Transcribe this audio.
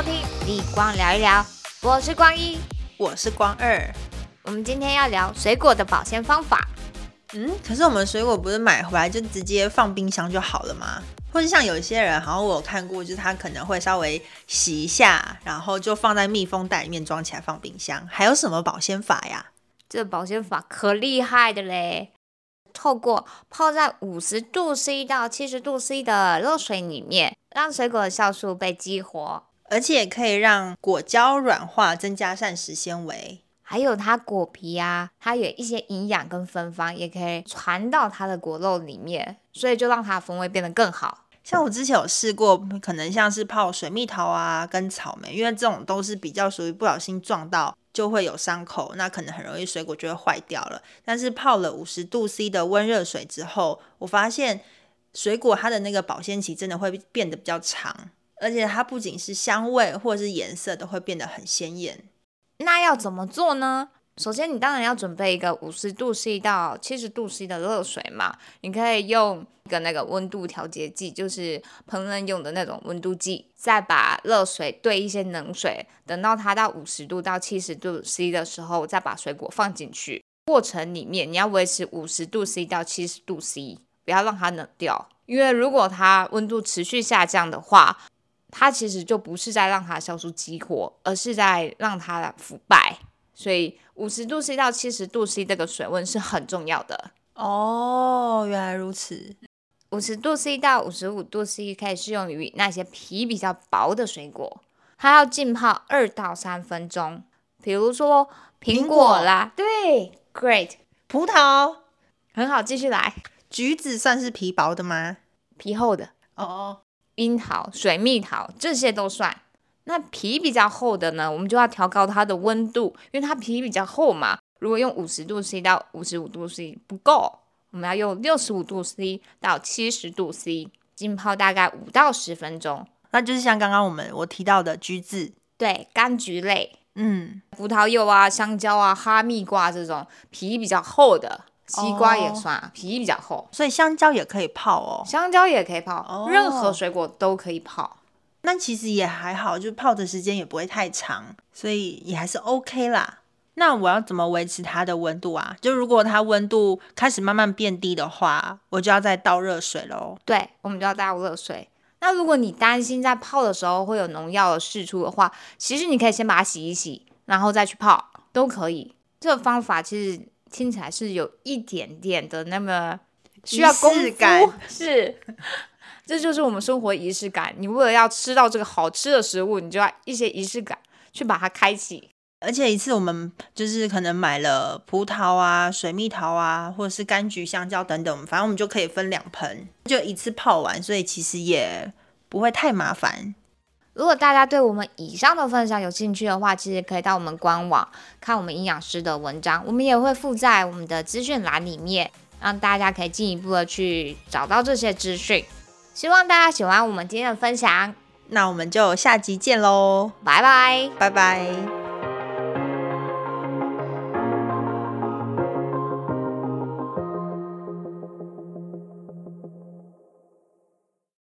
收聽李光聊一聊，我是光一，我是光二。我們今天要聊水果的保鮮方法。嗯，可是我們水果不是買回來就直接放冰箱就好了嗎？或者像有些人，好像我有看過，就是他可能會稍微洗一下，然後就放在密封袋裡面裝起來放冰箱。還有什麼保鮮法呀？這保鮮法可厲害的嘞！透過泡在五十度 C 到七十度 C 的熱水裡面，讓水果的酵素被激活。而且也可以讓果膠軟化，增加膳食纖維，還有它果皮啊，它有一些營養跟芬芳，也可以傳到它的果肉裡面，所以就讓它的風味變得更好。像我之前有試過，可能像是泡水蜜桃啊跟草莓，因為這種都是比較屬於不小心撞到就會有傷口，那可能很容易水果就會壞掉了。但是泡了五十度 C 的溫熱水之後，我發現水果它的那個保鮮期真的會變得比較長。而且它不僅是香味或者是顏色都會變得很鮮豔。那要怎麼做呢？首先，你當然要準備一個五十度 C 到七十度 C 的熱水嘛。你可以用一個那個溫度調節劑，就是烹飪用的那種溫度計，再把熱水兌一些冷水，等到它到五十度到七十度 C 的時候，再把水果放進去。過程裡面你要維持五十度 C 到七十度 C，不要讓它冷掉。因為如果它溫度持續下降的話，它其實就不是在讓它消除激活，而是在讓它腐敗。所以五十度 C 到七十度 C 這個水溫是很重要的。哦，原來如此。五十度 C 到五十五度 C 可以適用於那些皮比較薄的水果，它要浸泡二到三分鐘。比如說蘋果，蘋果啦，對，Great，葡萄很好，繼續來。橘子算是皮薄的嗎？皮厚的。哦哦。櫻桃、水蜜桃這些都算。那皮比較厚的呢，我們就要調高它的溫度，因為它皮比較厚嘛。如果用五十度 C 到五十五度 C 不夠，我們要用六十五度 C 到七十度 C 浸泡大概五到十分鐘。那就是像剛剛我們我提到的橘子，對，柑橘類，嗯，葡萄柚啊、香蕉啊、哈密瓜這種皮比較厚的。西瓜也算，啊，oh, 皮比較厚，所以香蕉也可以泡哦。香蕉也可以泡，oh, 任何水果都可以泡。那其實也還好，就是泡的時間也不會太長，所以也還是 OK 啦。那我要怎麼維持它的溫度啊？就如果它溫度開始慢慢變低的話，我就要再倒熱水嘍。對，我們就要倒熱水。那如果你擔心在泡的時候會有農藥的釋出的話，其實你可以先把它洗一洗，然後再去泡都可以。這個方法其實。聽起來是有一點點的那麼需要儀式感，是，這就是我們生活儀式感。你為了要吃到這個好吃的食物，你就要一些儀式感去把它開啟。而且一次我們就是可能買了葡萄啊、水蜜桃啊，或者是柑橘、香蕉等等，反正我們就可以分兩盆，就一次泡完，所以其實也不會太麻煩。如果大家對我們以上的分享有興趣的話，其實可以到我們官網看我們營養師的文章，我們也會附在我們的資訊欄裡面，讓大家可以進一步的去找到這些資訊。希望大家喜歡我們今天的分享，那我們就下集見嘍，拜拜，拜拜。Bye bye